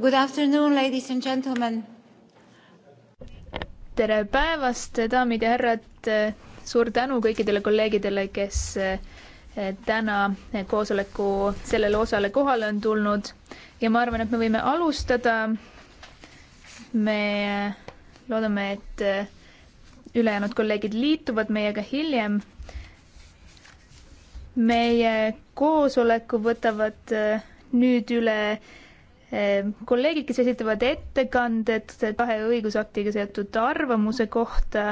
Good afternoon, ladies and gentlemen. tere päevast, daamid ja härrad. suur tänu kõikidele kolleegidele, kes eh, täna koosoleku sellele osale kohale on tulnud ja ma arvan, et me võime alustada. me eh, loodame, et eh, ülejäänud kolleegid liituvad meiega hiljem. meie koosoleku võtavad nüüd üle Ehm, kolleegid, kes esitavad ettekanded kahe õigusaktiga seotud arvamuse kohta.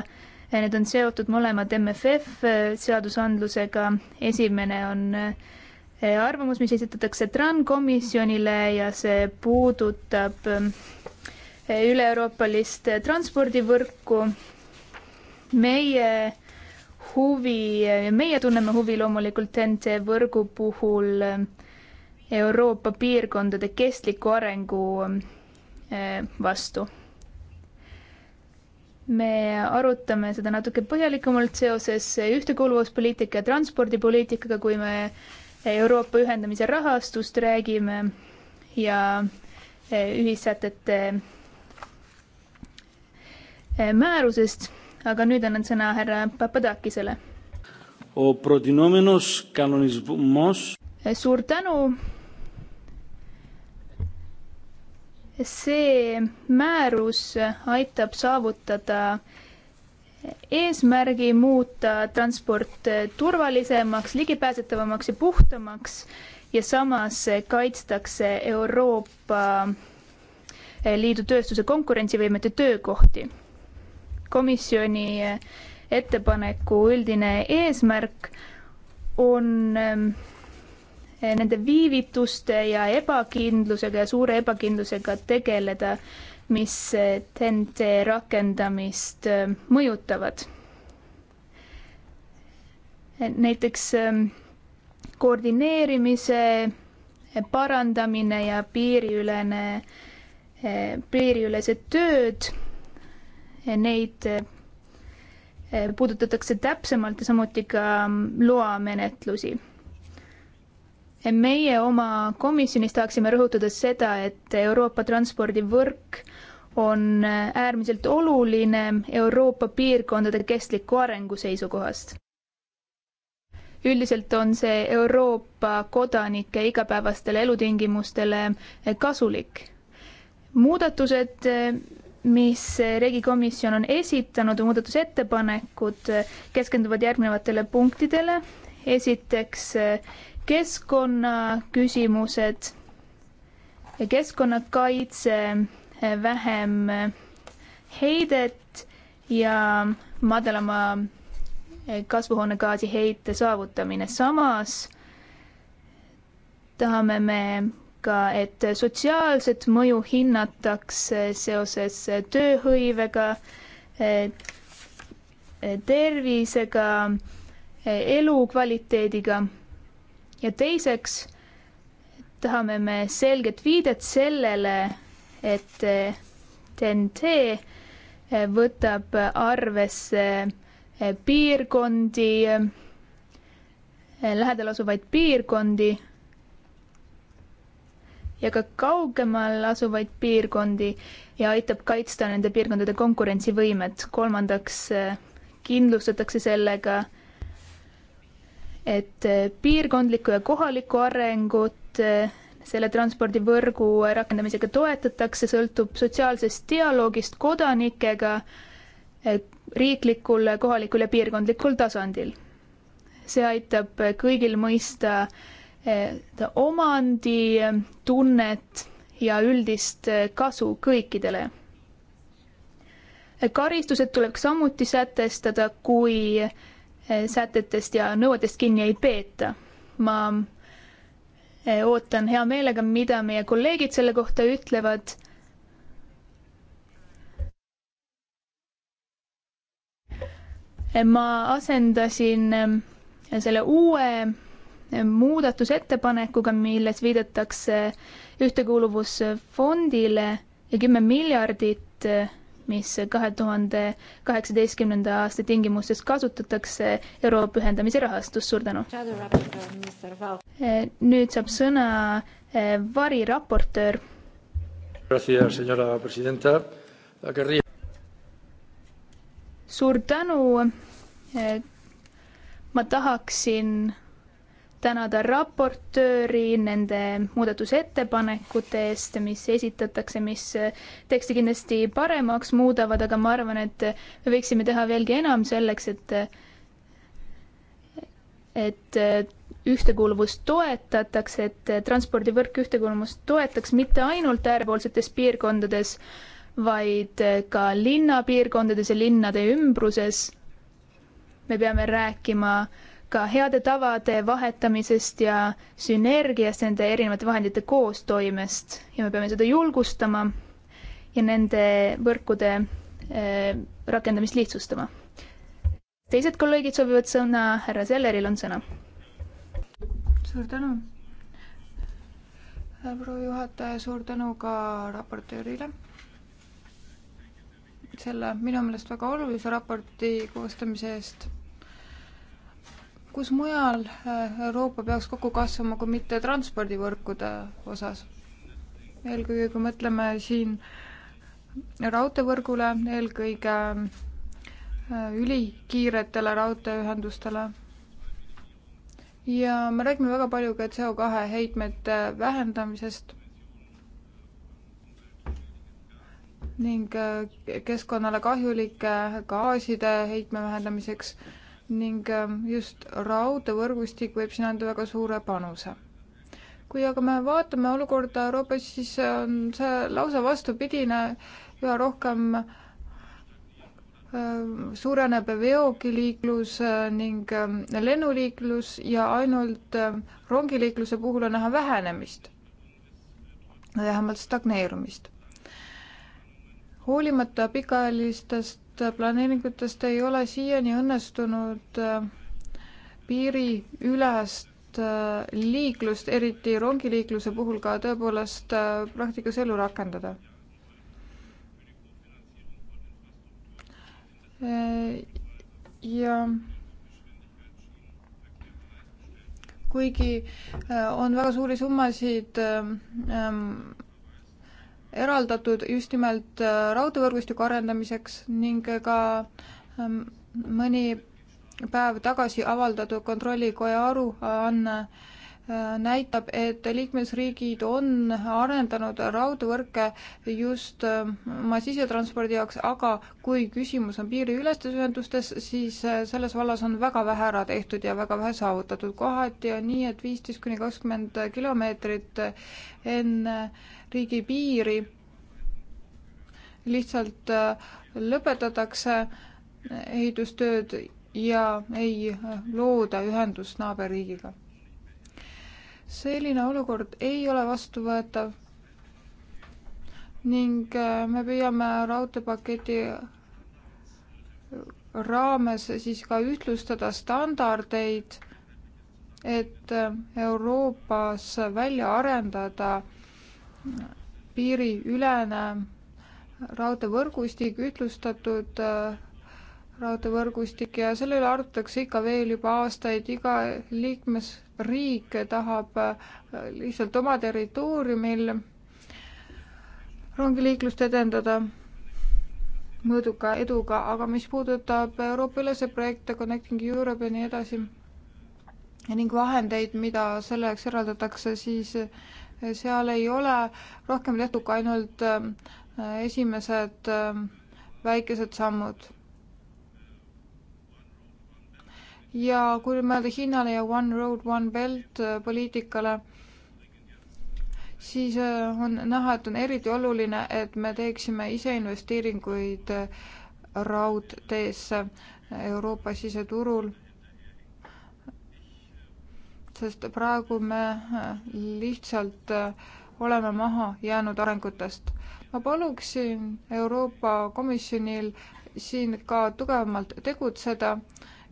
Eh, need on seotud mõlemad MFF eh, seadusandlusega. esimene on eh, arvamus, mis esitatakse TRAN komisjonile ja see puudutab üle-euroopalist transpordivõrku. meie huvi, meie tunneme huvi loomulikult TNT võrgu puhul äh, Euroopa piirkondade kestliku arengu eh, vastu. me arutame seda natuke põhjalikumalt seoses ühtekuuluvuspoliitika ja transpordipoliitikaga, kui me Euroopa ühendamise rahastust räägime ja eh, ühissätete eh, määrusest, aga nüüd annan sõna härra Papadakisele. suur tänu see määrus aitab saavutada eesmärgi muuta transport turvalisemaks, ligipääsetavamaks ja puhtamaks ja samas kaitstakse Euroopa Liidu tööstuse konkurentsivõimet ja töökohti. komisjoni ettepaneku üldine eesmärk on ähm, Eh, nende viivituste ja ebakindlusega ja suure ebakindlusega tegeleda, mis TNT eh, rakendamist eh, mõjutavad. näiteks ehm, koordineerimise parandamine ja piiriülene, piiriülesed tööd, neid puudutatakse täpsemalt ja samuti ka mm, loamenetlusi meie oma komisjonis tahaksime rõhutada seda, et Euroopa transpordivõrk on äärmiselt oluline Euroopa piirkondade kestliku arengu seisukohast. üldiselt on see Euroopa kodanike igapäevastele elutingimustele kasulik. muudatused, mis regikomisjon on esitanud, muudatusettepanekud keskenduvad järgnevatele punktidele. esiteks keskkonnaküsimused ja keskkonnakaitse, eh, vähem eh, heidet ja madalama eh, kasvuhoonegaasi heite saavutamine. samas tahame me ka, et sotsiaalset mõju hinnatakse seoses tööhõivega, tervisega, elukvaliteediga ja teiseks tahame me selget viidet sellele, et TNT eh, eh, võtab arvesse eh, piirkondi, lähedal asuvaid piirkondi ja ka kaugemal asuvaid piirkondi ja aitab kaitsta nende piirkondade konkurentsivõimet. kolmandaks kindlustatakse sellega et eh, piirkondlikku ja kohalikku arengut eh, selle transpordivõrgu rakendamisega toetatakse, sõltub sotsiaalsest dialoogist kodanikega eh, riiklikul, kohalikul ja piirkondlikul tasandil. see aitab kõigil mõista omanditunnet ja üldist kasu kõikidele. karistused tuleks samuti sätestada, kui Eh, sätetest ja nõuetest kinni ei peeta. ma eh, ootan hea meelega, mida meie kolleegid selle kohta ütlevad. Eh, ma asendasin selle uue muudatusettepanekuga, milles viidatakse ühtekuuluvusfondile ja kümme miljardit mis kahe tuhande kaheksateistkümnenda aasta tingimustes kasutatakse Euroopa ühendamise rahastust. suur tänu! Eh, nüüd saab sõna eh, variraportöör. suur tänu! Eh, ma tahaksin tänada raportööri nende muudatusettepanekute eest, mis esitatakse, mis teksti kindlasti paremaks muudavad, aga ma arvan, et me võiksime teha veelgi enam selleks, et et ühtekuuluvust toetatakse, et transpordivõrk ühtekuuluvust toetaks mitte ainult äärepoolsetes piirkondades, vaid ka linnapiirkondades ja linnade ümbruses. me peame rääkima äh, ka heade tavade vahetamisest ja sünergiast nende erinevate vahendite koostoimest ja me peame seda julgustama ja nende võrkude eh, rakendamist lihtsustama. teised kolleegid soovivad sõna, härra Selleril on sõna. suur tänu, proua juhataja, suur tänu ka raportöörile selle minu meelest väga olulise raporti koostamise eest kus mujal äh, Euroopa peaks kokku kasvama, kui mitte transpordivõrkude osas? eelkõige, kui mõtleme siin raudteevõrgule, eelkõige äh, ülikiiretele raudteeühendustele. ja me räägime väga palju ka CO2 heitmete vähendamisest ning äh, keskkonnale kahjulike gaaside heitme vähendamiseks ning ähm, just raudteevõrgustik võib siin anda väga suure panuse. kui aga me vaatame olukorda Euroopas, siis on ähm, see lausa vastupidine, üha rohkem ähm, suureneb veokiliiklus äh, ning lennuliiklus ja ainult rongiliikluse puhul on näha vähenemist, vähemalt stagneerumist. hoolimata pikaajalistest planeeringutest ei ole siiani õnnestunud äh, piiriülest äh, liiklust, eriti rongiliikluse puhul ka tõepoolest äh, praktikas ellu rakendada. ja kuigi on väga suuri summasid ähm, eraldatud just nimelt äh, raudteevõrgustiku arendamiseks ning ka ähm, mõni päev tagasi avaldatud Kontrollikoja aruanne äh, näitab, et liikmesriigid on arendanud raudvõrke just äh, massiisetranspordi jaoks, aga kui küsimus on piiriülestes ühendustes, siis äh, selles vallas on väga vähe ära tehtud ja väga vähe saavutatud. kohati on nii, et viisteist kuni kakskümmend kilomeetrit enne riigipiiri lihtsalt äh, lõpetatakse ehitustööd ja ei looda ühendust naaberriigiga selline olukord ei ole vastuvõetav ning äh, me püüame raudteepaketi raames siis ka ühtlustada standardeid, et äh, Euroopas välja arendada äh, piiriülene raudteevõrgustik, ühtlustatud raudteevõrgustik ja selle üle arutatakse ikka veel juba aastaid, iga liikmesriik tahab äh, lihtsalt oma territooriumil rongiliiklust edendada mõõduka eduga, aga mis puudutab Euroopa-ülese projekte Connecting Europe ja nii edasi ning vahendeid, mida selleks eraldatakse, siis äh, seal ei ole rohkem tehtud kui ainult äh, esimesed väikesed sammud ja kui mõelda Hiinale ja One Road, One Belt äh, poliitikale, siis äh, on näha, et on eriti oluline, et me teeksime ise investeeringuid äh, raudteesse Euroopa siseturul, sest praegu me lihtsalt oleme maha jäänud arengutest. ma paluksin Euroopa Komisjonil siin ka tugevamalt tegutseda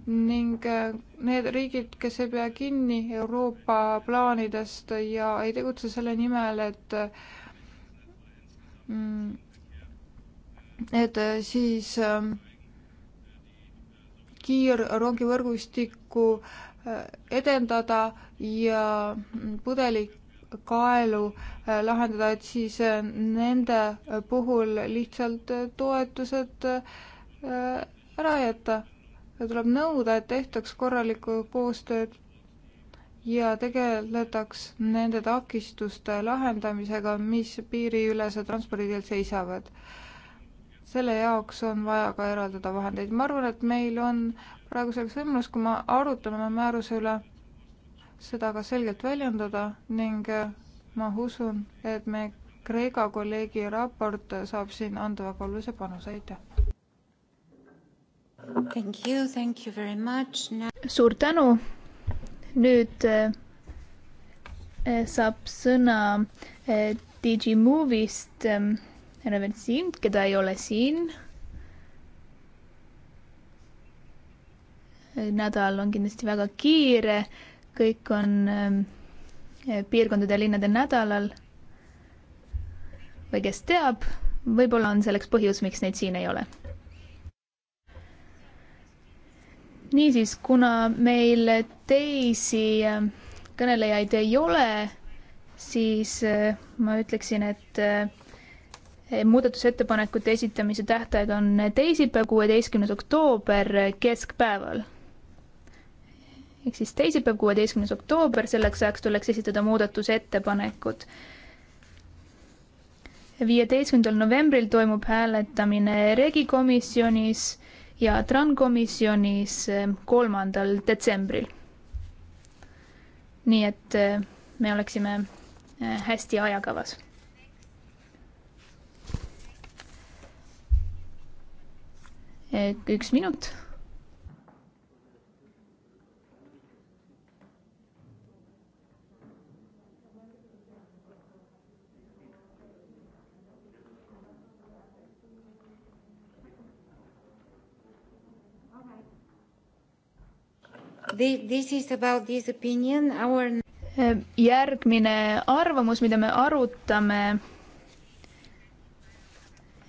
ning äh, need riigid, kes ei pea kinni Euroopa plaanidest ja ei tegutse selle nimel, et mm, et äh, siis ähm, kiirrongivõrgustikku äh, edendada ja mm, pudelikaelu lahendada, et siis nende puhul lihtsalt toetused ära jätta tuleb nõuda, et tehtaks korralikku koostööd ja tegeletaks nende takistuste lahendamisega, mis piiriülese transpordi teel seisavad. selle jaoks on vaja ka eraldada vahendeid. ma arvan, et meil on praegu selleks võimalus, kui me arutame määruse üle, seda ka selgelt väljendada ning ma usun, et me Kreeka kolleegi raport saab siin anda väga olulise panuse, aitäh! Thank you, thank you very much Now.... suur tänu. nüüd eh, saab sõna eh, Digimovist eh, härra Vertsind, keda ei ole siin. nädal on kindlasti väga kiire, kõik on piirkondade ja linnade nädalal. või kes teab, võib-olla on selleks põhjus, miks neid siin ei ole niisiis, kuna meil teisi äh, kõnelejaid ei ole, siis äh, ma ütleksin, et äh, muudatusettepanekute esitamise tähtaeg on teisipäev, kuueteistkümnes oktoober keskpäeval. ehk siis teisipäev, kuueteistkümnes oktoober, selleks ajaks tuleks esitada muudatusettepanekud. viieteistkümnendal novembril toimub hääletamine regikomisjonis ja TRAN komisjonis eh, kolmandal detsembril. nii et eh, me oleksime eh, hästi ajakavas. üks minut This is about this opinion, our ehm, järgmine arvamus, mida me arutame,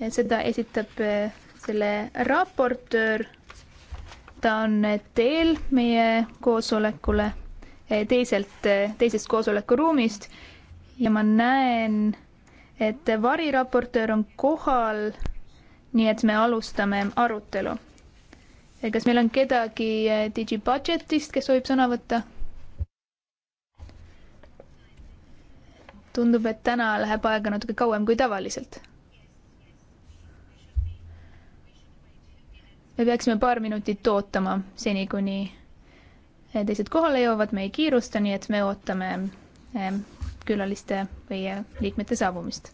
seda esitab eh, selle raportöör. ta on eh, teel meie koosolekule eh, teiselt, teisest koosolekuruumist ja ma näen, et variraportöör on kohal. nii et me alustame arutelu Eh, kas meil on kedagi eh, digibudgetist, kes soovib sõna võtta? tundub, et täna läheb aega natuke kauem kui tavaliselt. me peaksime paar minutit ootama seni, kuni eh, teised kohale jõuavad, me ei kiirusta, nii et me ootame külaliste või liikmete saabumist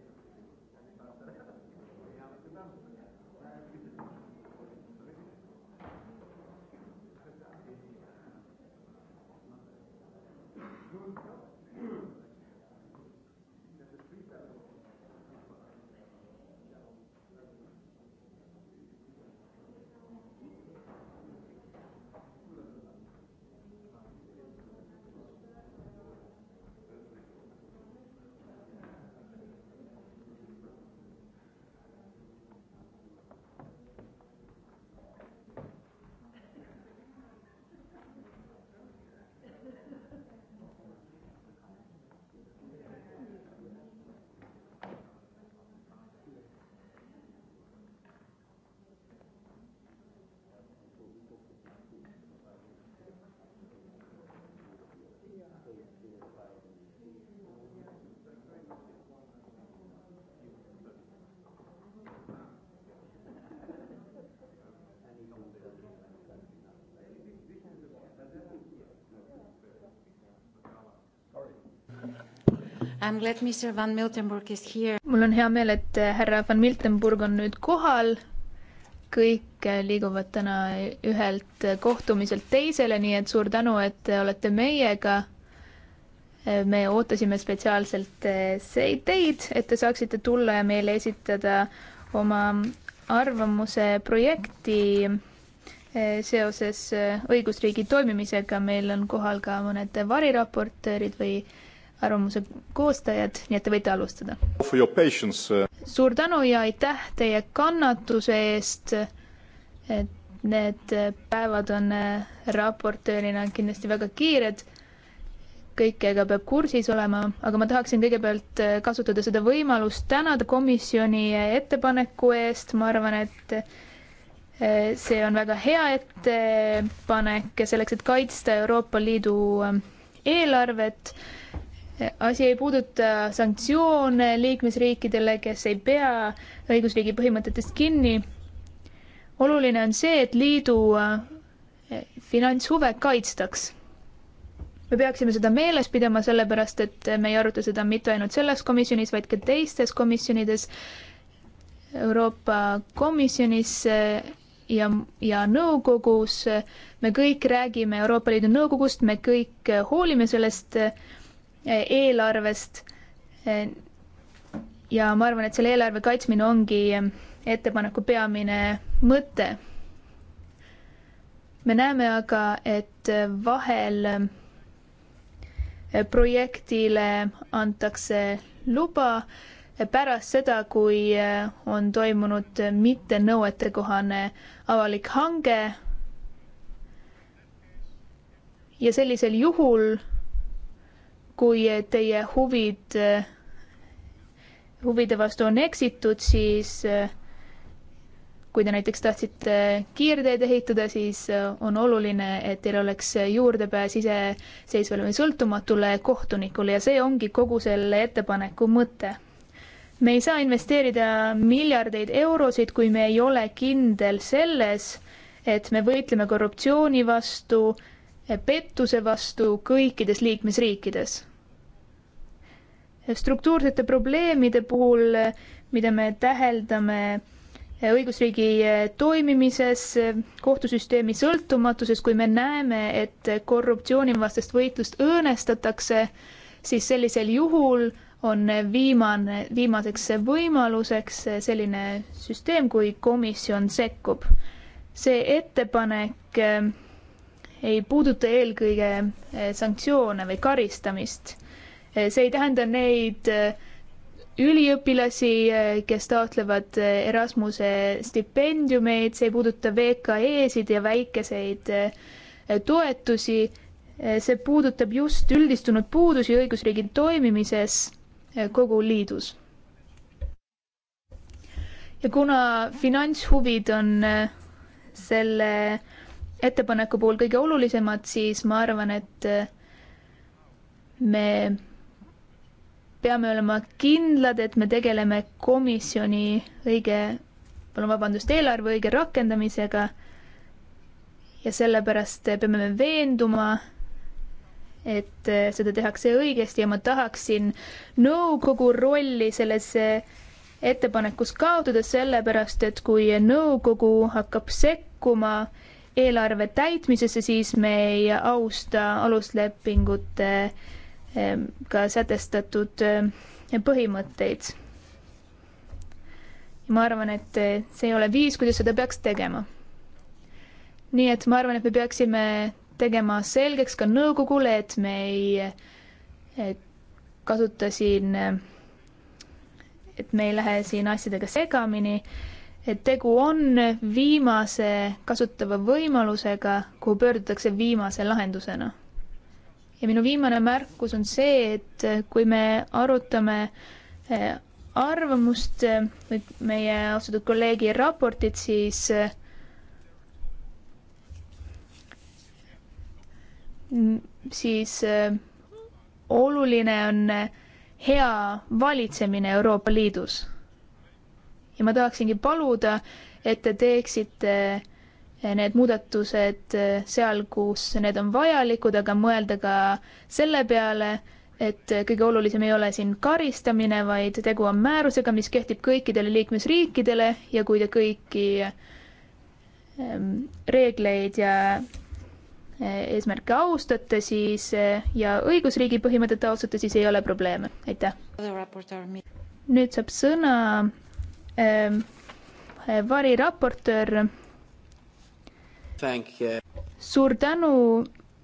mul on hea meel, et eh, härra Van Miltenburg on nüüd kohal. kõik eh, liiguvad täna ühelt eh, kohtumiselt teisele, nii et suur tänu, et te olete meiega. me ootasime spetsiaalselt teid, et te saaksite tulla ja meile esitada oma arvamuse projekti seoses õigusriigi toimimisega. meil on kohal ka mõned variraportöörid või arvamuse koostajad, nii et te võite alustada. Uh, suur tänu ja aitäh teie kannatuse eest. et need päevad on äh, raportöörina kindlasti väga kiired. kõikega peab kursis olema, aga ma tahaksin kõigepealt äh, kasutada seda võimalust tänada komisjoni äh, ettepaneku eest, ma arvan, et see on väga hea ettepanek selleks, et kaitsta Euroopa Liidu eelarvet et asi ei puuduta sanktsioone liikmesriikidele, kes ei pea õigusriigi põhimõtetest kinni. oluline on see, et liidu eh, finantshuve kaitstaks. me peaksime seda meeles pidama, sellepärast et me ei aruta seda mitte ainult selles komisjonis, vaid ka teistes komisjonides, Euroopa Komisjonis eh, ja, ja nõukogus. me kõik räägime Euroopa Liidu Nõukogust, me kõik eh, hoolime sellest Eh, eelarvest. Eh, ja ma arvan, et selle eelarve kaitsmine ongi ettepaneku peamine mõte. me näeme aga, et vahel eh, projektile antakse luba pärast seda, kui on toimunud mittenõuetekohane avalik hange. ja sellisel juhul kui teie huvid, huvide vastu on eksitud, siis kui te näiteks tahtsite kiirteed ehitada, siis on oluline, et teil oleks juurdepääs iseseisvale või sõltumatule kohtunikule ja see ongi kogu selle ettepaneku mõte. me ei saa investeerida miljardeid eurosid, kui me ei ole kindel selles, et me võitleme korruptsiooni vastu, pettuse vastu kõikides liikmesriikides struktuursete probleemide puhul, mida me täheldame õigusriigi toimimises, kohtusüsteemi sõltumatuses, kui me näeme, et korruptsioonivastast võitlust õõnestatakse, siis sellisel juhul on viimane, viimaseks võimaluseks selline süsteem, kui komisjon sekkub. see ettepanek eh, ei puuduta eelkõige eh, sanktsioone või karistamist Eh, see ei tähenda neid eh, üliõpilasi, eh, kes taotlevad Erasmuse stipendiumeid, see ei puuduta VKE-sid ja väikeseid toetusi, see puudutab just üldistunud puudusi õigusriigi toimimises kogu liidus. ja kuna finantshuvid on selle ettepaneku puhul kõige olulisemad, siis ma arvan, et me peame olema kindlad, et me tegeleme komisjoni õige, palun vabandust, eelarve õige rakendamisega. ja sellepärast peame me veenduma, et seda tehakse õigesti ja ma tahaksin nõukogu rolli selles ettepanekus kaotada, sellepärast et kui nõukogu hakkab sekkuma eelarve täitmisesse, siis me ei austa aluslepingute äh, Ehm, ka sätestatud ehm, põhimõtteid. ja ma arvan, et see ei ole viis, kuidas seda peaks tegema. nii et ma arvan, et me peaksime tegema selgeks ka nõukogule, et me ei kasuta siin, et me ei lähe siin asjadega segamini, et tegu on viimase kasutava võimalusega, kuhu pöördutakse viimase lahendusena ja minu viimane märkus on see, et kui me arutame eh, arvamust eh, või meie austatud kolleegi raportit, siis eh, siis oluline on hea valitsemine Euroopa Liidus. ja ma tahaksingi paluda, et te teeksite need muudatused eh, seal, kus need on vajalikud, aga mõelda ka selle peale, et eh, kõige olulisem ei ole siin karistamine, vaid tegu on määrusega, mis kehtib kõikidele liikmesriikidele ja kui te kõiki ehm, reegleid ja eh, eesmärke austate, siis ja õigusriigi põhimõtet austate, siis ei ole probleeme. aitäh. nüüd saab sõna ähm, variraportöör suur tänu,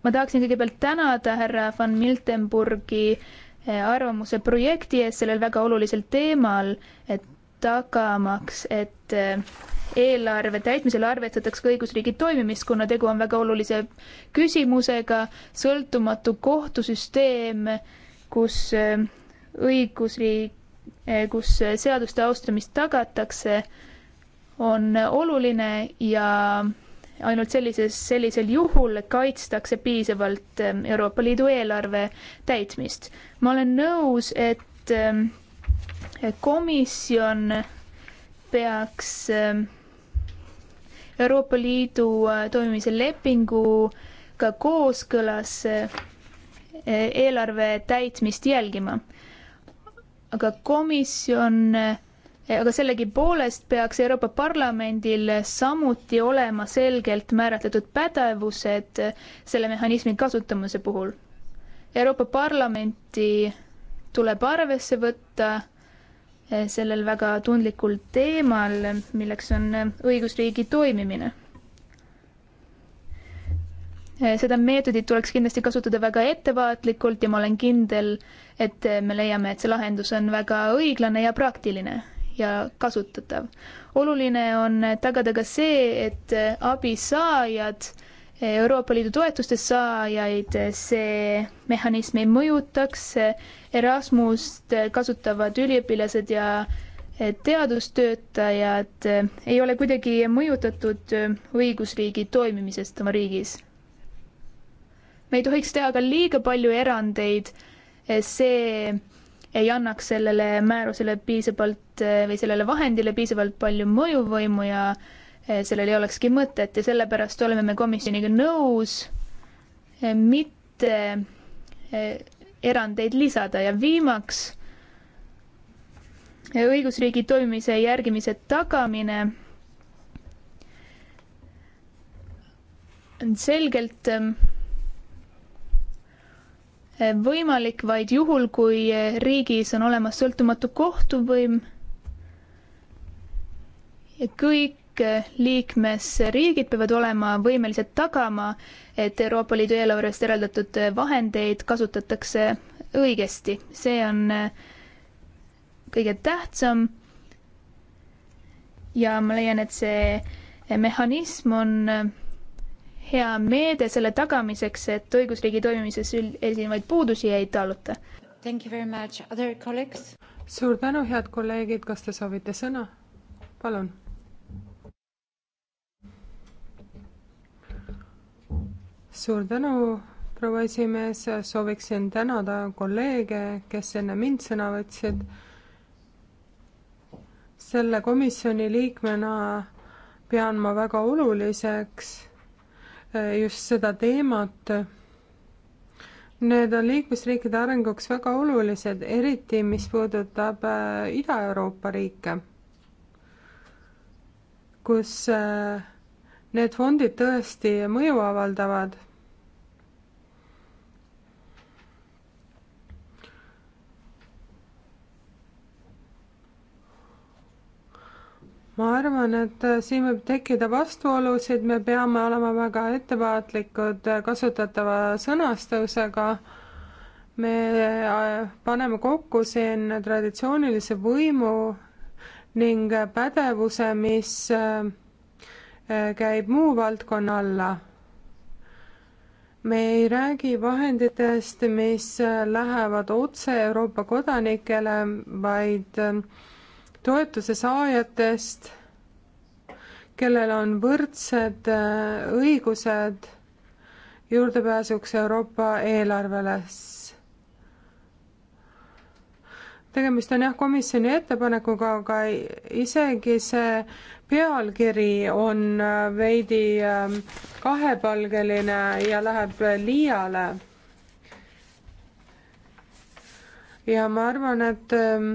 ma tahaksin kõigepealt tänada härra Van Miltenburgi eh, arvamuse projekti eest sellel väga olulisel teemal, et tagamaks, et eh, eelarve täitmisel arvestatakse ka õigusriigi toimimist, kuna tegu on väga olulise küsimusega, sõltumatu kohtusüsteem, kus eh, õigusriik, kus seaduste austamist tagatakse, on oluline ja ainult sellises, sellisel juhul kaitstakse piisavalt ähm, Euroopa Liidu eelarve täitmist. ma olen nõus, et ähm, komisjon peaks ähm, Euroopa Liidu äh, toimimise lepinguga kooskõlas äh, eelarve täitmist jälgima. aga komisjon äh, Eh, aga sellegipoolest peaks Euroopa Parlamendil samuti olema selgelt määratletud pädevused selle mehhanismi kasutamise puhul. Euroopa Parlamenti tuleb arvesse võtta eh, sellel väga tundlikul teemal, milleks on eh, õigusriigi toimimine. seda meetodit tuleks kindlasti kasutada väga ettevaatlikult ja ma olen kindel, et me leiame, et see lahendus on väga õiglane ja praktiline ja kasutatav. oluline on tagada ka see, et abisaajad, Euroopa Liidu toetuste saajaid see mehhanism ei mõjutaks, Erasmust kasutavad üliõpilased ja teadustöötajad ei ole kuidagi mõjutatud õigusriigi toimimisest oma riigis. me ei tohiks teha ka liiga palju erandeid, see ei annaks sellele määrusele piisavalt eh, või sellele vahendile piisavalt palju mõjuvõimu ja eh, sellel ei olekski mõtet ja sellepärast oleme me komisjoniga nõus eh, mitte erandeid lisada ja viimaks õigusriigi toimimise järgimise tagamine selgelt Eh, võimalik vaid juhul, kui eh, riigis on olemas sõltumatu kohtuvõim ja kõik eh, liikmesriigid peavad olema võimelised tagama, et Euroopa Liidu eelarvest eraldatud vahendeid kasutatakse õigesti, see on kõige tähtsam. ja ma leian, et see mehhanism on hea meede selle tagamiseks, et õigusriigi toimimises esinevaid puudusi ei taluta. suur tänu, head kolleegid, kas te soovite sõna? palun. suur tänu, proua esimees, sooviksin tänada kolleege, kes enne mind sõna võtsid. selle komisjoni liikmena pean ma väga oluliseks just seda teemat. Need on liikmesriikide arenguks väga olulised, eriti mis puudutab äh, Ida-Euroopa riike, kus äh, need fondid tõesti mõju avaldavad ma arvan, et äh, siin võib tekkida vastuolusid, me peame olema väga ettevaatlikud äh, kasutatava sõnastusega. me äh, paneme kokku siin traditsioonilise võimu ning pädevuse, mis käib muu valdkonna alla. me ei räägi vahenditest, mis lähevad otse Euroopa kodanikele, vaid toetuse saajatest, kellel on võrdsed äh, õigused juurdepääsuks Euroopa eelarvele. tegemist on jah, komisjoni ettepanekuga, aga isegi see pealkiri on äh, veidi ähm, kahepalgeline ja läheb liiale. ja ma arvan, et ähm,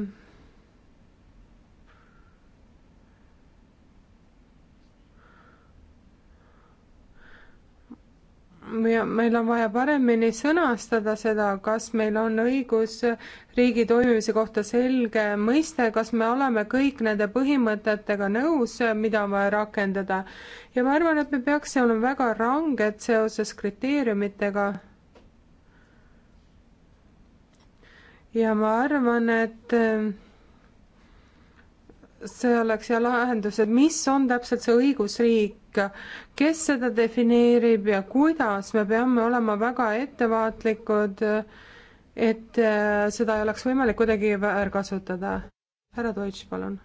meil on vaja paremini sõnastada seda, kas meil on õigus riigi toimimise kohta selge mõiste, kas me oleme kõik nende põhimõtetega nõus, mida on vaja rakendada. ja ma arvan, et me peaks olema väga ranged seoses kriteeriumitega. ja ma arvan, et see oleks ja lahendus, et mis on täpselt see õigusriik, kes seda defineerib ja kuidas, me peame olema väga ettevaatlikud, et äh, seda ei oleks võimalik kuidagi väärkasutada. härra Deutsch, palun.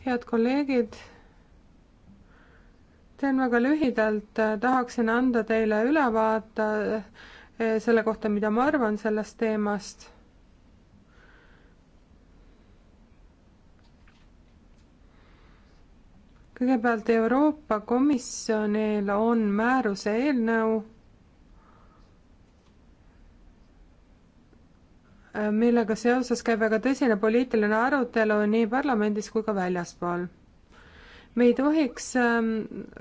head kolleegid teen väga lühidalt, tahaksin anda teile ülevaate Eh, selle kohta, mida ma arvan sellest teemast. kõigepealt Euroopa Komisjonil on määruse eelnõu, eh, millega seoses käib väga tõsine poliitiline arutelu nii parlamendis kui ka väljaspool me ei tohiks ehm,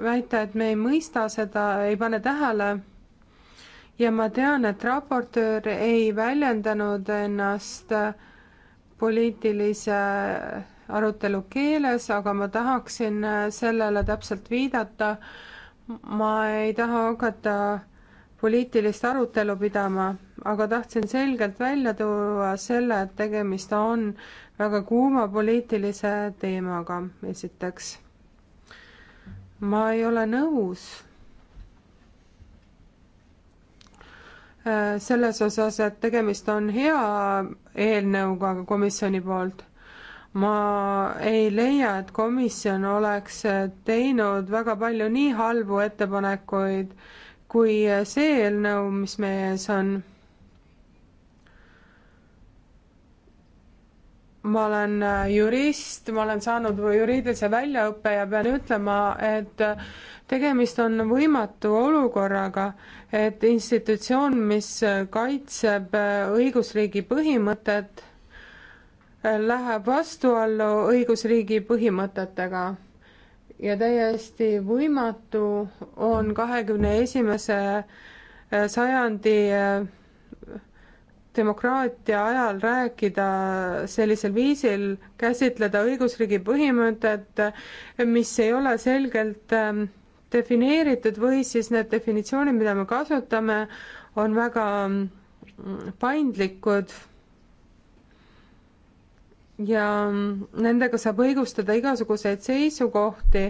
väita, et me ei mõista seda, ei pane tähele ja ma tean, et raportöör ei väljendanud ennast poliitilise arutelu keeles, aga ma tahaksin sellele täpselt viidata. ma ei taha hakata poliitilist arutelu pidama, aga tahtsin selgelt välja tuua selle, et tegemist on väga kuuma poliitilise teemaga, esiteks. ma ei ole nõus Äh, selles osas, et tegemist on hea eelnõuga komisjoni poolt. ma ei leia, et komisjon oleks teinud väga palju nii halbu ettepanekuid kui see eelnõu, mis meie ees on ma olen äh, jurist, ma olen saanud juriidilise väljaõppe ja pean ütlema, et äh, tegemist on võimatu olukorraga, et institutsioon, mis äh, kaitseb õigusriigi põhimõtet, läheb vastuollu õigusriigi põhimõtetega. ja täiesti võimatu on kahekümne esimese sajandi demokraatia ajal rääkida sellisel viisil, käsitleda õigusriigi põhimõtet, mis ei ole selgelt ähm, defineeritud või siis need definitsioonid, mida me kasutame, on väga mm, paindlikud ja mm, nendega saab õigustada igasuguseid seisukohti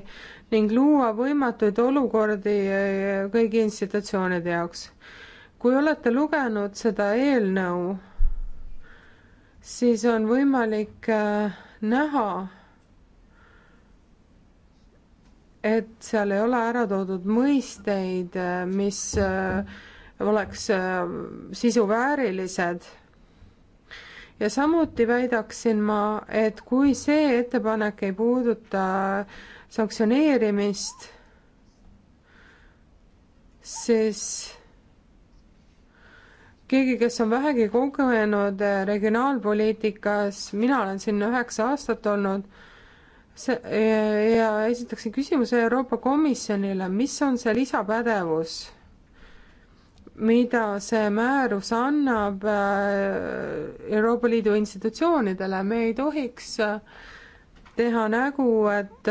ning luua võimatuid olukordi äh, kõigi institutsioonide jaoks kui olete lugenud seda eelnõu, siis on võimalik äh, näha, et seal ei ole ära toodud mõisteid, äh, mis äh, oleks sisuväärilised. ja samuti väidaksin ma, et kui see ettepanek ei puuduta sanktsioneerimist, siis keegi, kes on vähegi kogenud eh, regionaalpoliitikas, mina olen siin üheksa aastat olnud, see eh, ja esitaksin küsimuse Euroopa Komisjonile, mis on see lisapädevus? mida see määrus annab eh, Euroopa Liidu institutsioonidele, me ei tohiks teha nägu, et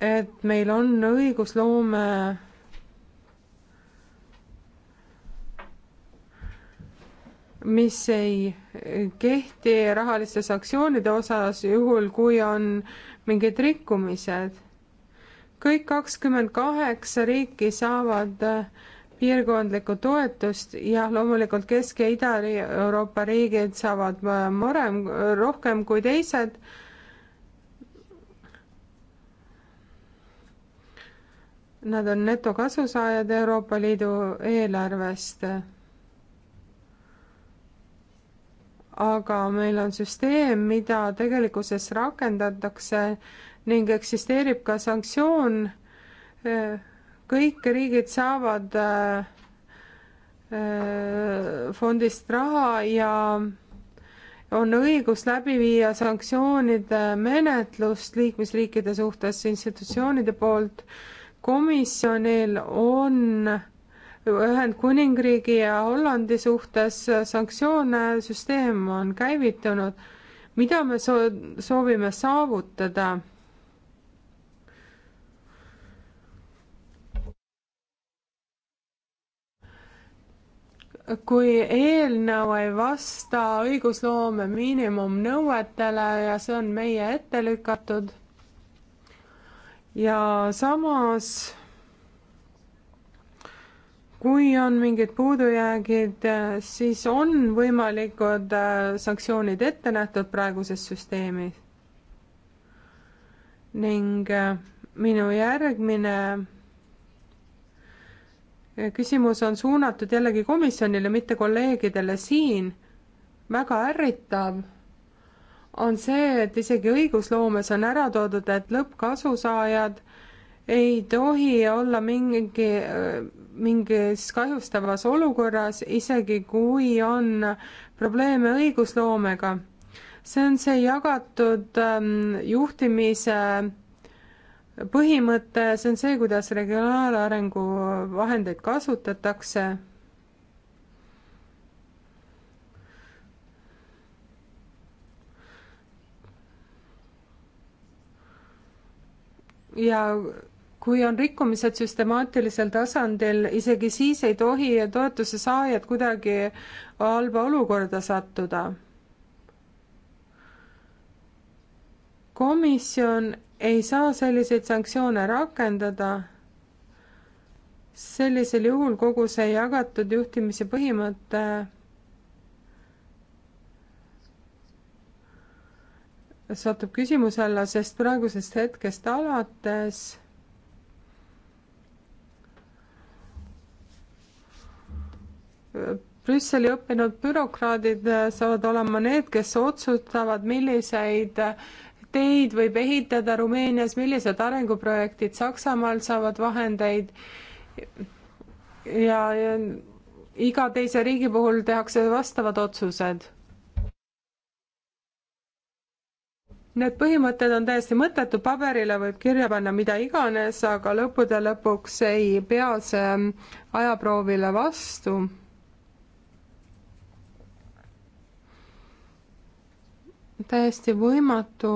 et meil on õigusloome mis ei kehti rahaliste sanktsioonide osas, juhul kui on mingid rikkumised. kõik kakskümmend kaheksa riiki saavad piirkondlikku toetust, jah, loomulikult Kesk- ja Ida-Euroopa riigid saavad morem, rohkem kui teised, nad on netokasusaajad Euroopa Liidu eelarvest aga meil on süsteem, mida tegelikkuses rakendatakse ning eksisteerib ka sanktsioon. kõik riigid saavad äh, äh, fondist raha ja on õigus läbi viia sanktsioonide menetlust liikmesriikide suhtes institutsioonide poolt. komisjonil on äh, Ühendkuningriigi ja Hollandi suhtes sanktsioone süsteem on käivitunud. mida me soo-, soovime saavutada? kui eelnõu ei vasta õigusloome miinimumnõuetele ja see on meie ette lükatud ja samas kui on mingid puudujäägid, siis on võimalikud äh, sanktsioonid ette nähtud praeguses süsteemis. ning äh, minu järgmine äh, küsimus on suunatud jällegi komisjonile, mitte kolleegidele siin. väga ärritav on see, et isegi õigusloomes on ära toodud, et lõppkasusaajad ei tohi olla mingi, mingis kahjustavas olukorras, isegi kui on probleeme õigusloomega. see on see jagatud ähm, juhtimise põhimõte, see on see, kuidas regionaalarengu vahendeid kasutatakse ja kui on rikkumised süstemaatilisel tasandil, isegi siis ei tohi toetuse saajad kuidagi halba olukorda sattuda. komisjon ei saa selliseid sanktsioone rakendada sellisel juhul kogu see jagatud juhtimise põhimõte satub küsimuse alla, sest praegusest hetkest alates Brüsseli õppinud bürokraadid saavad olema need, kes otsustavad, milliseid teid võib ehitada Rumeenias, millised arenguprojektid Saksamaal saavad vahendeid ja, ja iga teise riigi puhul tehakse vastavad otsused. Need põhimõtted on täiesti mõttetud, paberile võib kirja panna mida iganes, aga lõppude lõpuks ei pea see ajaproovile vastu täiesti võimatu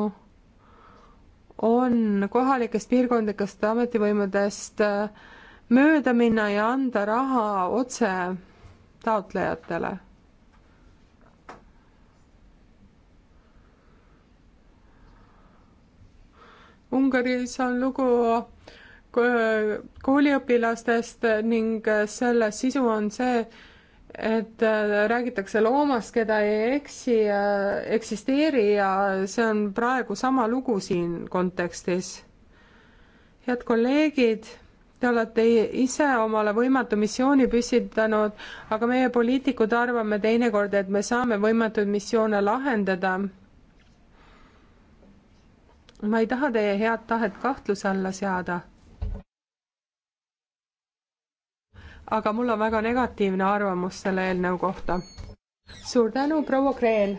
on kohalikest piirkondlikest ametivõimudest äh, mööda minna ja anda raha otse taotlejatele. Ungaris on lugu äh, kooliõpilastest ning äh, selle sisu on see, et äh, räägitakse loomast, keda ei eksi, äh, eksisteeri ja see on praegu sama lugu siin kontekstis. head kolleegid te olete ise omale võimatu missiooni püstitanud, aga meie poliitikud arvame teinekord, et me saame võimatuid missioone lahendada. ma ei taha teie head tahet kahtluse alla seada, aga mul on väga negatiivne arvamus selle eelnõu kohta. suur tänu, proua Kreel!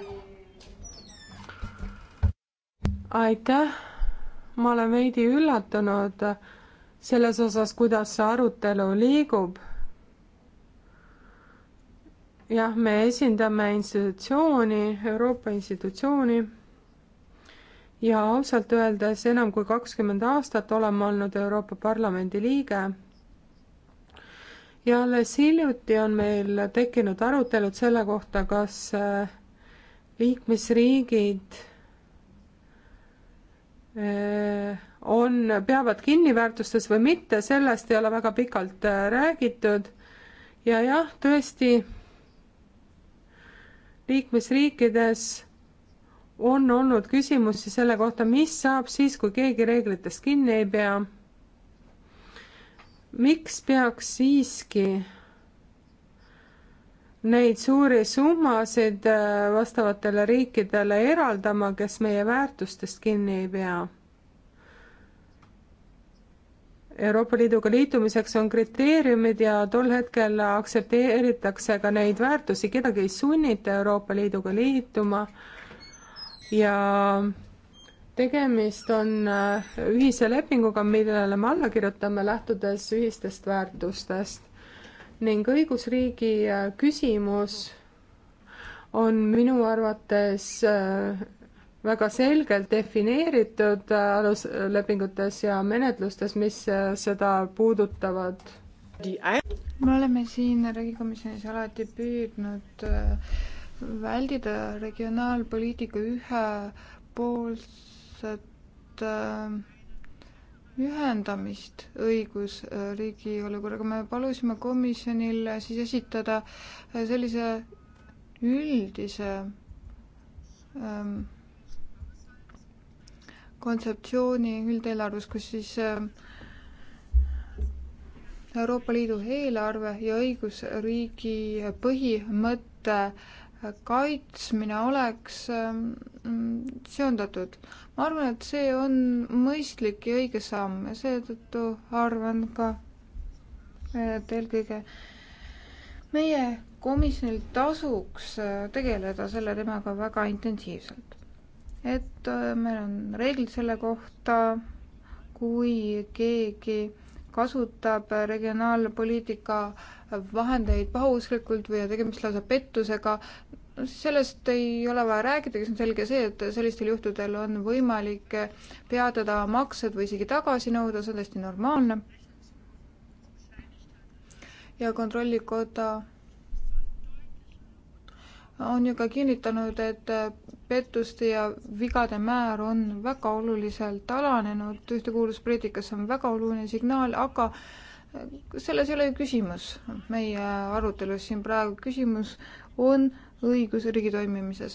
aitäh, ma olen veidi üllatunud selles osas, kuidas see arutelu liigub. jah, me esindame institutsiooni, Euroopa institutsiooni ja ausalt öeldes enam kui kakskümmend aastat olen ma olnud Euroopa Parlamendi liige ja alles hiljuti on meil tekkinud arutelud selle kohta, kas äh, liikmesriigid äh, on, peavad kinni väärtustes või mitte, sellest ei ole väga pikalt äh, räägitud ja jah, tõesti, liikmesriikides on olnud küsimusi selle kohta, mis saab siis, kui keegi reeglitest kinni ei pea miks peaks siiski neid suuri summasid äh, vastavatele riikidele eraldama, kes meie väärtustest kinni ei pea? Euroopa Liiduga liitumiseks on kriteeriumid ja tol hetkel aktsepteeritakse ka neid väärtusi, kedagi ei sunnita Euroopa Liiduga liituma ja tegemist on äh, ühise lepinguga, millele me alla kirjutame, lähtudes ühistest väärtustest ning õigusriigi äh, küsimus on minu arvates äh, väga selgelt defineeritud aluslepingutes ja menetlustes, mis seda puudutavad. me oleme siin riigikomisjonis alati püüdnud väldida regionaalpoliitika ühepoolse otsest äh, ühendamist õigusriigi olukorraga. me palusime komisjonil siis esitada äh, sellise üldise ähm, kontseptsiooni üldeelarves, kus siis äh, Euroopa Liidu eelarve ja õigusriigi põhimõte kaitsmine oleks ähm, seondatud äh, ma arvan, et see on mõistlik ja õige samm ja seetõttu arvan ka, et eelkõige meie komisjonil tasuks äh, tegeleda selle teemaga väga intensiivselt. et äh, meil on reeglid selle kohta, kui keegi kasutab regionaalpoliitika vahendeid pahausklikult või on tegemist lausa pettusega, sellest ei ole vaja rääkidagi, see on selge see, et sellistel juhtudel on võimalik peatada maksed või isegi tagasi nõuda, see on täiesti normaalne. ja Kontrollikoda on ju ka kinnitanud, et pettuste ja vigade määr on väga oluliselt alanenud, ühtekuuluvuspoliitikas on väga oluline signaal, aga selles ei ole ju küsimus meie arutelus siin praegu, küsimus on õigusriigi toimimises.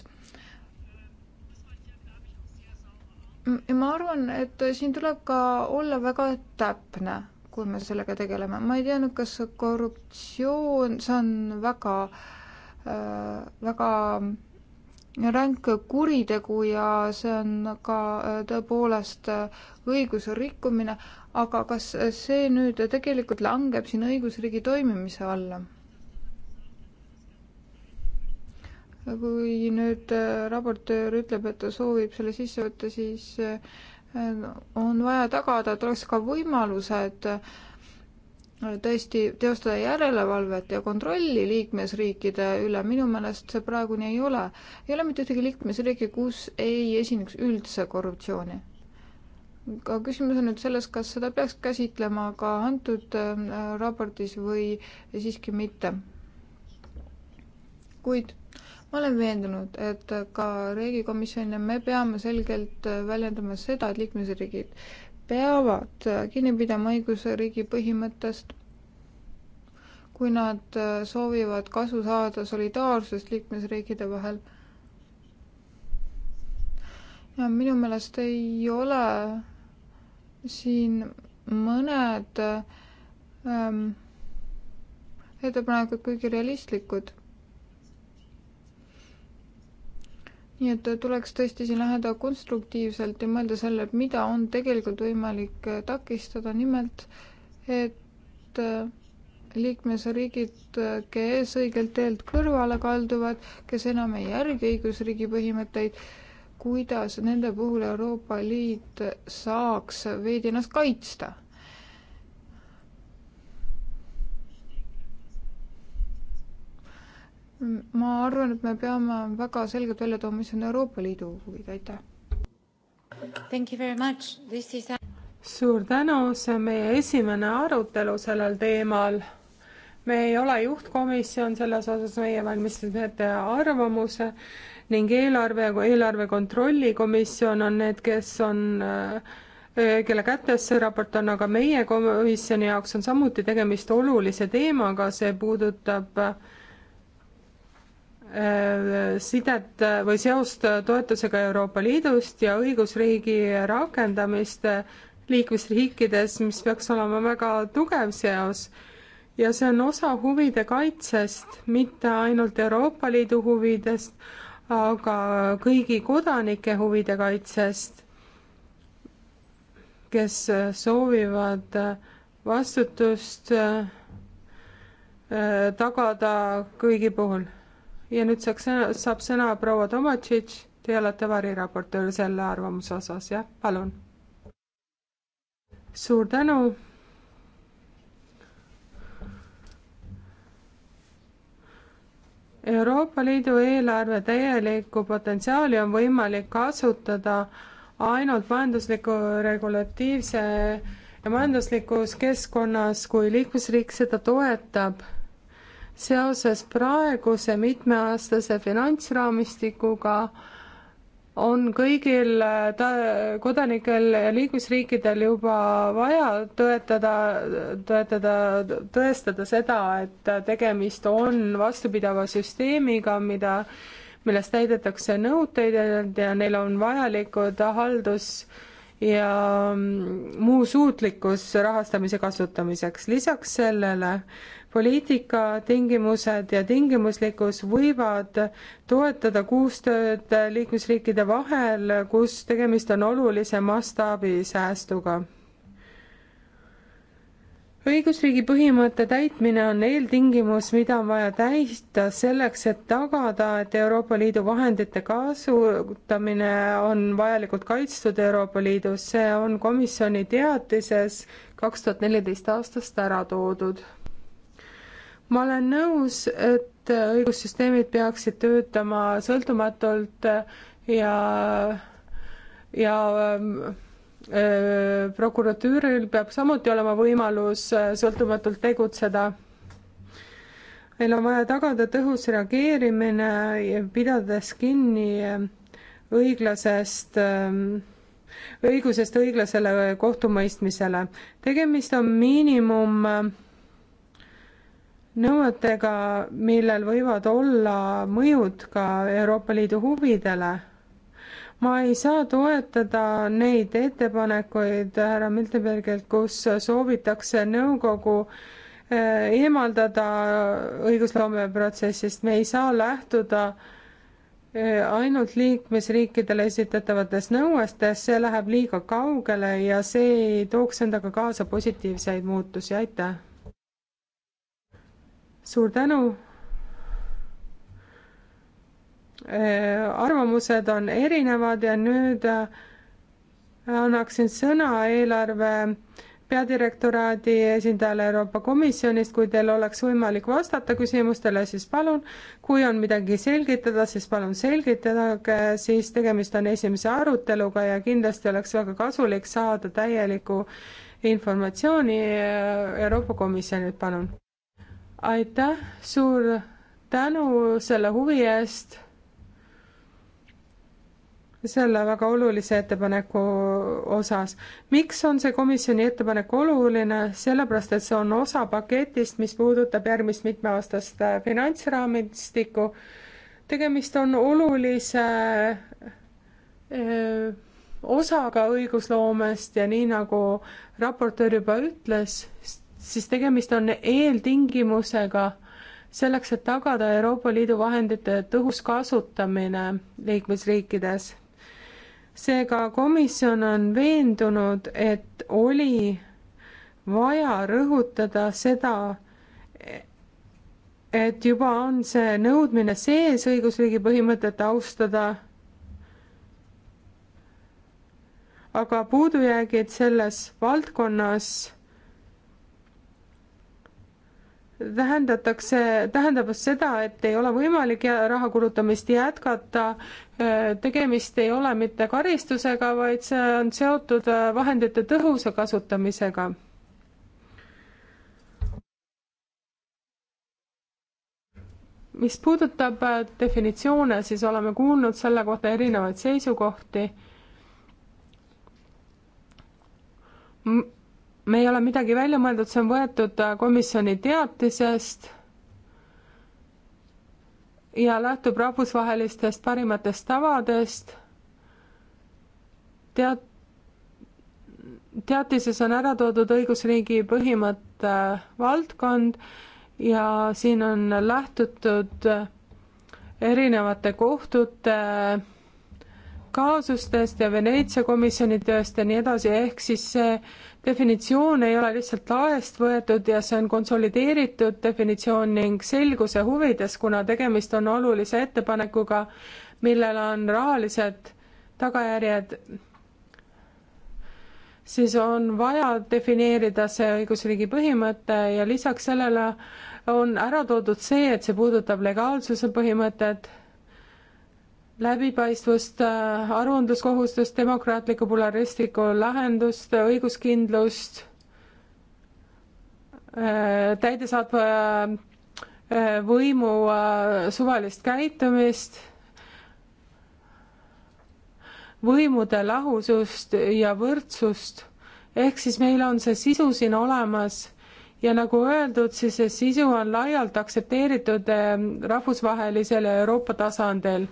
ja ma arvan, et siin tuleb ka olla väga täpne, kui me sellega tegeleme. ma ei tea nüüd, kas korruptsioon, see on väga äh,, väga ränk kuritegu ja see on ka äh, tõepoolest äh, õiguse rikkumine, aga kas see nüüd tegelikult langeb siin õigusriigi toimimise alla? Nagu kui nüüd äh, raportöör ütleb, et ta soovib selle sisse võtta, siis äh, on vaja tagada, et oleks ka võimalused äh, tõesti teostada järelevalvet ja kontrolli liikmesriikide üle, minu meelest see praegu nii ei ole. ei ole mitte ühtegi liikmesriiki, kus ei esineks üldse korruptsiooni. aga küsimus on nüüd selles, kas seda peaks käsitlema ka antud raportis või siiski mitte. kuid ma olen veendunud, et ka riigikomisjon ja me peame selgelt väljendama seda, et liikmesriigid peavad kinni pidama õigusriigi põhimõttest, kui nad soovivad kasu saada solidaarsust liikmesriikide vahel. ja minu meelest ei ole siin mõned ähm, ettepanekud kuigi realistlikud nii et tuleks tõesti siin läheneda konstruktiivselt ja mõelda selle, mida on tegelikult võimalik äh, takistada, nimelt et äh, liikmesriigid, äh, kes õigelt teelt kõrvale kalduvad, kes enam ei järgi õigusriigi põhimõtteid, kuidas nende puhul Euroopa Liit saaks veidi ennast kaitsta Mm, ma arvan, et me peame väga selgelt välja tooma, mis on Euroopa Liidu huvid, aitäh. Thank you very much, this is a... suur tänu, see on meie esimene arutelu sellel teemal. me ei ole juhtkomisjon, selles osas meie valmistasime ette arvamuse ning eelarve, eelarve kontrolli komisjon on need, kes on äh, kelle kätes see raport on, aga meie komisjoni jaoks on samuti tegemist olulise teemaga, see puudutab äh, sidet või seost toetusega Euroopa Liidust ja õigusriigi rakendamist liikmesriikides, mis peaks olema väga tugev seos. ja see on osa huvide kaitsest, mitte ainult Euroopa Liidu huvidest, aga kõigi kodanike huvide kaitsest, kes soovivad vastutust eh, tagada kõigi puhul ja nüüd saaks sõna, saab sõna proua Tomatšitš, teie olete variraportöör selle arvamuse osas, jah, palun. suur tänu. Euroopa Liidu eelarve täielikku potentsiaali on võimalik kasutada ainult majandusliku regulatiivse ja majanduslikus keskkonnas, kui liikmesriik seda toetab seoses praeguse mitmeaastase finantsraamistikuga on kõigil ta-, kodanikel ja liikmesriikidel juba vaja tõetada, tõetada, tõestada seda, et tegemist on vastupidava süsteemiga, mida, milles täidetakse nõuteid ja neil on vajalikud haldus ja mm, muu suutlikkus rahastamise kasutamiseks. lisaks sellele poliitika tingimused ja tingimuslikkus võivad toetada koostööd liikmesriikide vahel, kus tegemist on olulise mastaabisäästuga. õigusriigi põhimõtte täitmine on eeltingimus, mida on vaja täita selleks, et tagada, et Euroopa Liidu vahendite kasutamine on vajalikult kaitstud Euroopa Liidus, see on komisjoni teatises kaks tuhat neliteist aastast ära toodud ma olen nõus, et õigussüsteemid peaksid töötama sõltumatult ja, ja öö, ähm, äh, prokuratuuril peab samuti olema võimalus äh, sõltumatult tegutseda. meil on vaja tagada tõhus reageerimine, pidades kinni äh, õiglasest ähm, õigusest õiglasele kohtumõistmisele. tegemist on miinimum nõuetega, millel võivad olla mõjud ka Euroopa Liidu huvidele. ma ei saa toetada neid ettepanekuid härra Miltenbergilt, kus soovitakse nõukogu eh, eemaldada õigusloomeprotsessist, me ei saa lähtuda eh, ainult liikmesriikidele esitatavatest nõuestest, see läheb liiga kaugele ja see tooks endaga kaasa positiivseid muutusi, aitäh! suur tänu. Äh, arvamused on erinevad ja nüüd äh, annaksin sõna eelarve peadirektoraadi esindajale Euroopa Komisjonist, kui teil oleks võimalik vastata küsimustele, siis palun. kui on midagi selgitada, siis palun selgitage, siis tegemist on esimese aruteluga ja kindlasti oleks väga kasulik saada täielikku informatsiooni äh, Euroopa Komisjonilt, palun aitäh, suur tänu selle huvi eest, selle väga olulise ettepaneku osas. miks on see komisjoni ettepanek oluline, sellepärast et see on osa paketist, mis puudutab järgmist mitmeaastast äh, finantsraamistikku. tegemist on olulise öö, äh, osaga õigusloomest ja nii nagu raportöör juba ütles, siis tegemist on eeltingimusega selleks, et tagada Euroopa Liidu vahendite tõhus kasutamine liikmesriikides. seega komisjon on veendunud, et oli vaja rõhutada seda, et juba on see nõudmine sees õigusriigi põhimõtet austada aga puudujäägid selles valdkonnas tähendatakse, tähendab seda, et ei ole võimalik raha kulutamist jätkata, tegemist ei ole mitte karistusega, vaid see on seotud äh, vahendite tõhusa kasutamisega mis puudutab äh, definitsioone, siis oleme kuulnud selle kohta erinevaid seisukohti me ei ole midagi välja mõeldud, see on võetud äh, komisjoni teatisest ja lähtub rahvusvahelistest parimatest tavadest. teat-, teatises on ära toodud õigusriigi põhimõtte äh, valdkond ja siin on lähtutud äh, erinevate kohtute kaasustest ja Veneetsia komisjoni tööst ja nii edasi, ehk siis see definitsioon ei ole lihtsalt laest võetud ja see on konsolideeritud definitsioon ning selguse huvides, kuna tegemist on olulise ettepanekuga, millel on rahalised tagajärjed, siis on vaja defineerida see õigusriigi põhimõte ja lisaks sellele on ära toodud see, et see puudutab legaalsuse põhimõtet läbipaistvust, äh, aruandluskohustust, demokraatlikku pluralistlikku lahendust, õiguskindlust, äh, täidesaatva äh, võimu suvalist käitumist, võimude lahusust ja võrdsust, ehk siis meil on see sisu siin olemas ja nagu öeldud, siis see sisu on laialt aktsepteeritud rahvusvahelisel Euroopa tasandil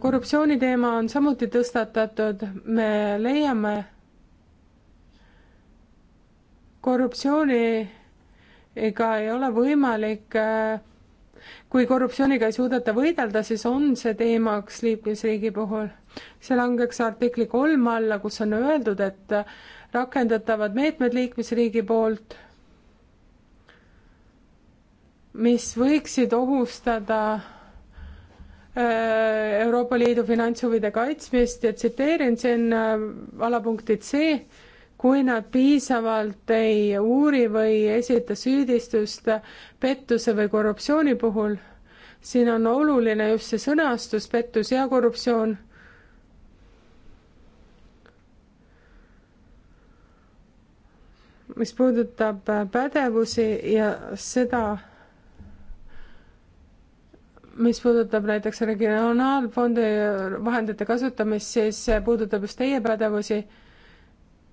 korruptsiooniteema on samuti tõstatatud, me leiame korruptsiooniga ei ole võimalik, kui korruptsiooniga ei suudeta võidelda, siis on see teemaks liikmesriigi puhul. see langeks artikli kolm alla, kus on öeldud, et rakendatavad meetmed liikmesriigi poolt, mis võiksid ohustada Äh, Euroopa Liidu finantshuvide kaitsmist ja tsiteerin siin äh, alapunkti C, kui nad piisavalt ei uuri või esita süüdistust pettuse või korruptsiooni puhul, siin on oluline just see sõnastus, pettus ja korruptsioon mis puudutab pädevusi ja seda, mis puudutab näiteks regionaalfondi vahendite kasutamist, siis see puudutab just teie pädevusi,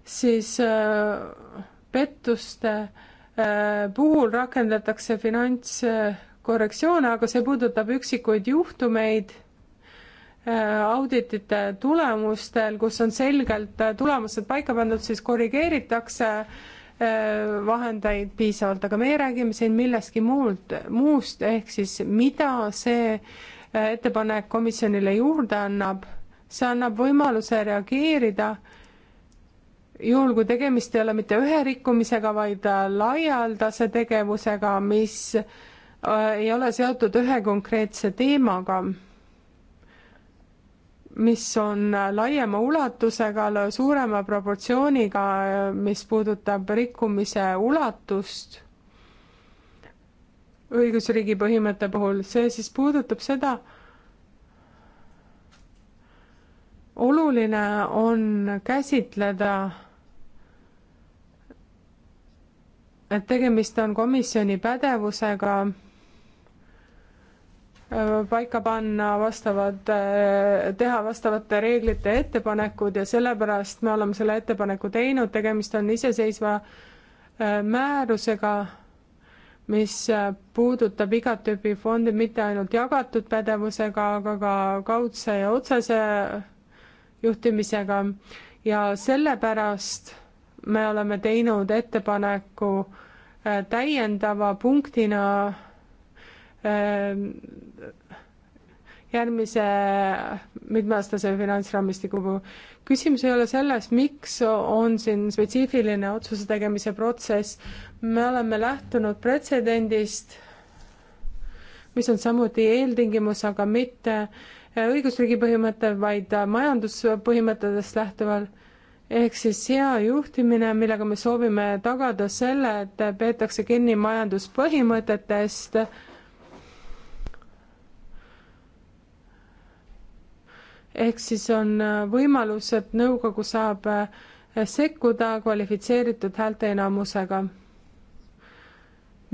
siis äh, pettuste äh, puhul rakendatakse finantskorrektsioone, aga see puudutab üksikuid juhtumeid äh, auditite tulemustel, kus on selgelt tulemused paika pandud, siis korrigeeritakse äh, Äh, vahendeid piisavalt, aga meie räägime siin millestki muult, muust, ehk siis mida see äh, ettepanek komisjonile juurde annab, see annab võimaluse reageerida juhul, kui tegemist ei ole mitte ühe rikkumisega, vaid äh, laialdase tegevusega, mis ei ole seotud ühe konkreetse teemaga mis on laiema ulatusega, suurema proportsiooniga, mis puudutab rikkumise ulatust õigusriigi põhimõtte puhul, see siis puudutab seda, oluline on käsitleda, et tegemist on komisjoni pädevusega Äh, paika panna vastavad, äh, teha vastavate reeglite ettepanekud ja sellepärast me oleme selle ettepaneku teinud, tegemist on iseseisva äh, määrusega, mis puudutab igat tüüpi fonde, mitte ainult jagatud pädevusega, aga ka kaudse ja otsese juhtimisega ja sellepärast me oleme teinud ettepaneku täiendava punktina järgmise mitmeaastase finantsraamistiku puhul. küsimus ei ole selles, miks on siin spetsiifiline otsuse tegemise protsess, me oleme lähtunud pretsedendist, mis on samuti eeltingimus, aga mitte õigusriigi põhimõte, vaid majanduspõhimõtetest lähtuval ehk siis hea juhtimine, millega me soovime tagada selle, et peetakse kinni majanduspõhimõtetest ehk siis on äh, võimalus, et nõukogu saab äh, sekkuda kvalifitseeritud häälteenamusega.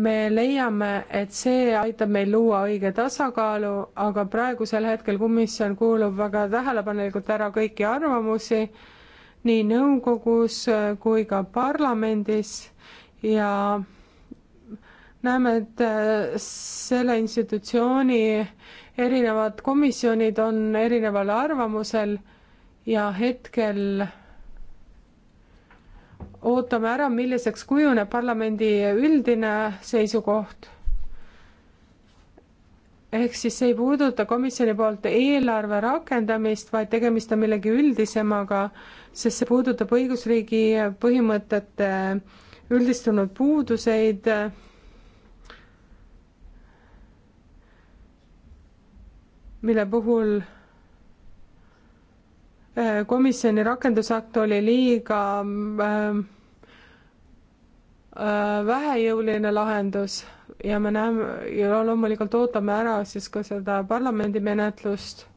me leiame, et see aitab meil luua õige tasakaalu, aga praegusel hetkel komisjon kuulab väga tähelepanelikult ära kõiki arvamusi nii nõukogus äh, kui ka parlamendis ja näeme, et äh, selle institutsiooni erinevad komisjonid on erineval arvamusel ja hetkel ootame ära, milliseks kujuneb parlamendi üldine seisukoht. ehk siis see ei puuduta komisjoni poolt eelarve rakendamist, vaid tegemist on millegi üldisemaga, sest see puudutab õigusriigi põhimõtete üldistunud puuduseid mille puhul äh, komisjoni rakendusakt oli liiga ähm, äh, vähejõuline lahendus ja me näeme ja loomulikult ootame ära siis ka seda parlamendi menetlust.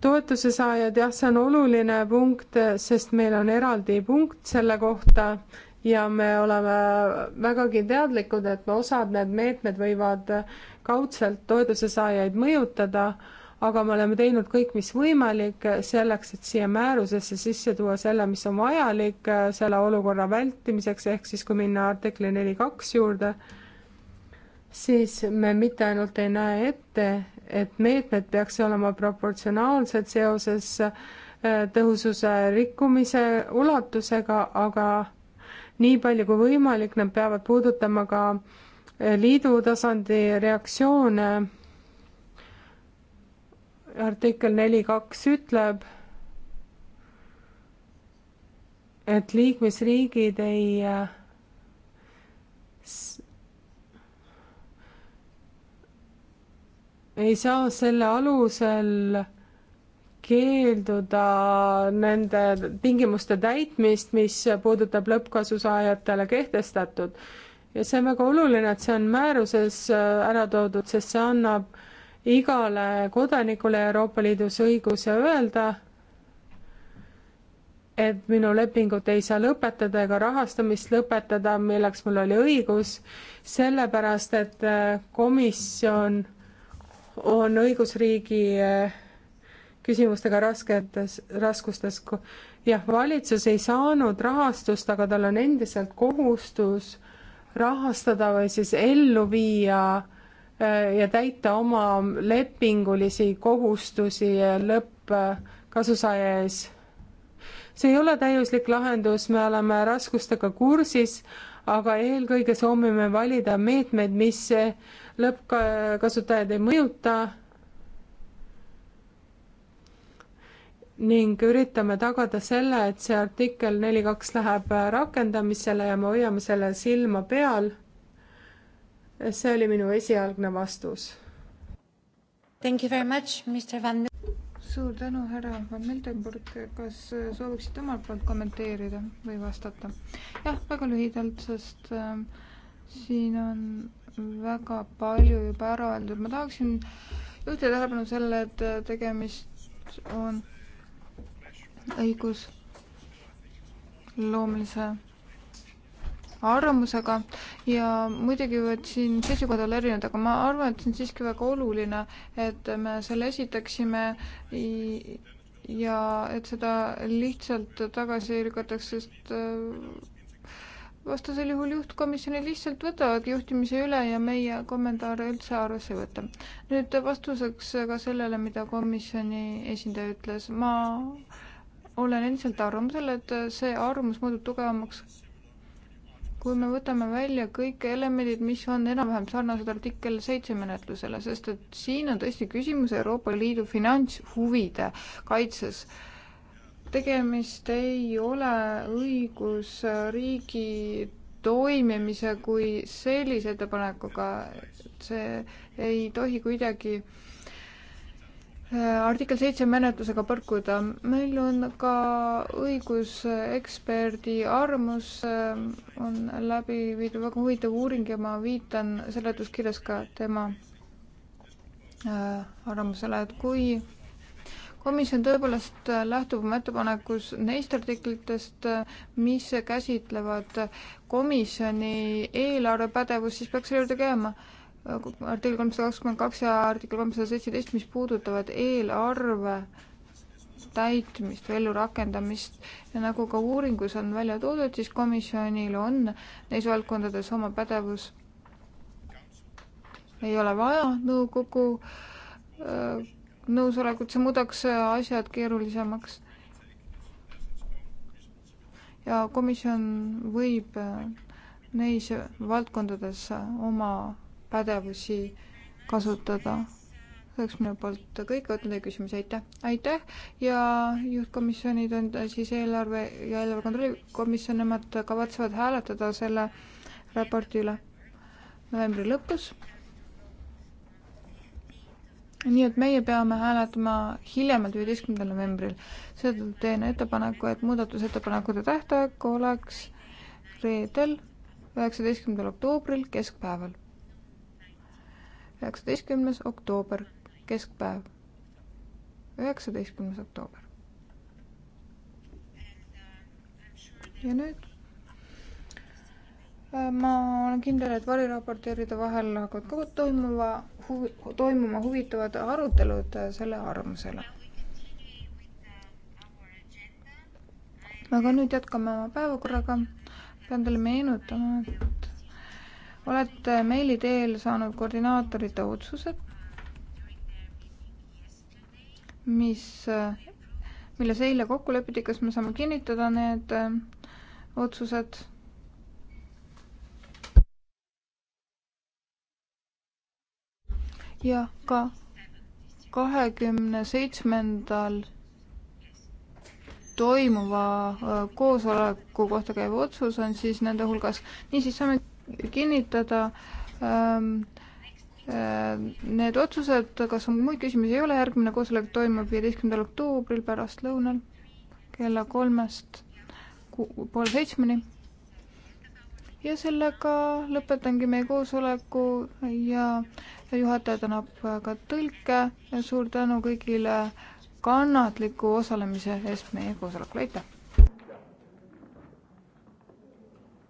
toetuse saajad, jah, see on oluline punkt, sest meil on eraldi punkt selle kohta ja me oleme vägagi teadlikud, et osad need meetmed võivad kaudselt toetuse saajaid mõjutada, aga me oleme teinud kõik, mis võimalik selleks, et siia määrusesse sisse tuua selle, mis on vajalik äh, selle olukorra vältimiseks, ehk siis kui minna artikli neli kaks juurde, siis me mitte ainult ei näe ette, et meetmed peaks olema proportsionaalsed seoses äh, tõhususe rikkumise ulatusega, aga nii palju kui võimalik, nad peavad puudutama ka eh, liidu tasandi reaktsioone. artikkel neli kaks ütleb, et liikmesriigid ei eh, ei saa selle alusel keelduda nende tingimuste täitmist, mis puudutab lõppkasusaajatele kehtestatud. ja see on väga oluline, et see on määruses äh, ära toodud, sest see annab igale kodanikule Euroopa Liidus õiguse öelda, et minu lepingut ei saa lõpetada ega rahastamist lõpetada, milleks mul oli õigus, sellepärast et äh, komisjon on õigusriigi äh, küsimustega rasketes, raskustes. jah, valitsus ei saanud rahastust, aga tal on endiselt kohustus rahastada või siis ellu viia äh, ja täita oma lepingulisi kohustusi lõppkasusaaja äh, ees. see ei ole täiuslik lahendus, me oleme raskustega kursis, aga eelkõige soovime valida meetmed, mis lõppkasutajaid ei mõjuta ning üritame tagada selle, et see artikkel neli kaks läheb rakendamisele ja me hoiame selle silma peal. see oli minu esialgne vastus. Thank you very much, Mr Van. suur tänu, härra Van Miltenburg, kas sooviksite omalt poolt kommenteerida või vastata? jah, väga lühidalt, sest äh, siin on väga palju juba ära öeldud, ma tahaksin juhtida tähelepanu sellele, et tegemist on õigus loomelise arvamusega ja muidugi võivad siin seisukohad olla erinevad, aga ma arvan, et see on siiski väga oluline, et me selle esitaksime ja et seda lihtsalt tagasi lükatakse, sest äh, vastasel juhul juhtkomisjoni lihtsalt võtavadki juhtimise üle ja meie kommentaare üldse arvesse ei võta. nüüd vastuseks ka sellele, mida komisjoni esindaja ütles, ma olen endiselt arvamusel, et see arvamus muutub tugevamaks, kui me võtame välja kõik elemendid, mis on enam-vähem sarnased artikkel seitse menetlusele, sest et siin on tõesti küsimus Euroopa Liidu finantshuvide kaitses. tegemist ei ole õigusriigi toimimise kui sellise ettepanekuga, see ei tohi kuidagi äh, Äh, artikkel seitse menetlusega põrkuda. meil on ka õiguseksperdi arvamus, äh, on läbi viidud väga huvitav uuring ja ma viitan seletuskirjas ka tema äh, arvamusele, et kui komisjon tõepoolest lähtub oma ettepanekus neist artiklitest, mis käsitlevad komisjoni eelarvepädevust, siis peaks selle juurde ka jääma artikkel kolmsada kakskümmend kaks ja artikkel kolmsada seitseteist, mis puudutavad eelarve täitmist või ellurakendamist ja nagu ka uuringus on välja toodud, siis komisjonil on neis valdkondades oma pädevus. ei ole vaja nõukogu äh, nõusolekut, see muudaks asjad keerulisemaks. ja komisjon võib äh, neis valdkondades oma pädevusi kasutada. see oleks minu poolt kõik, ootan teie küsimusi, aitäh! aitäh ja juhtkomisjonid on siis eelarve ja eelarve kontrolli komisjon, nemad kavatsevad hääletada selle raporti üle novembri lõpus. nii et meie peame hääletama hiljemalt viieteistkümnendal novembril. seetõttu teen ettepaneku, et muudatusettepanekute tähtaeg oleks reedel, üheksateistkümnendal oktoobril keskpäeval üheksateistkümnes oktoober, keskpäev. üheksateistkümnes oktoober. ja nüüd äh, ma olen kindel, et variraportööride vahel hakkavad kogu toimuva huvi, toimuma huvitavad arutelud äh, selle arvamusele. aga nüüd jätkame oma päevakorraga. pean teile meenutama, et olete meili teel saanud koordinaatorite otsused, mis, milles eile kokku lepiti, kas me saame kinnitada need äh, otsused? ja ka kahekümne seitsmendal toimuva äh, koosoleku kohta käiv otsus on siis nende hulgas. niisiis saame kinnitada ähm, äh, need otsused, kas on muid küsimusi, ei ole, järgmine koosolek toimub viieteistkümnendal oktoobril pärastlõunal kella kolmest poole seitsmeni. ja sellega lõpetangi meie koosoleku ja juhataja tänab ka tõlke. suur tänu kõigile kannatliku osalemise eest meie koosolekul, aitäh!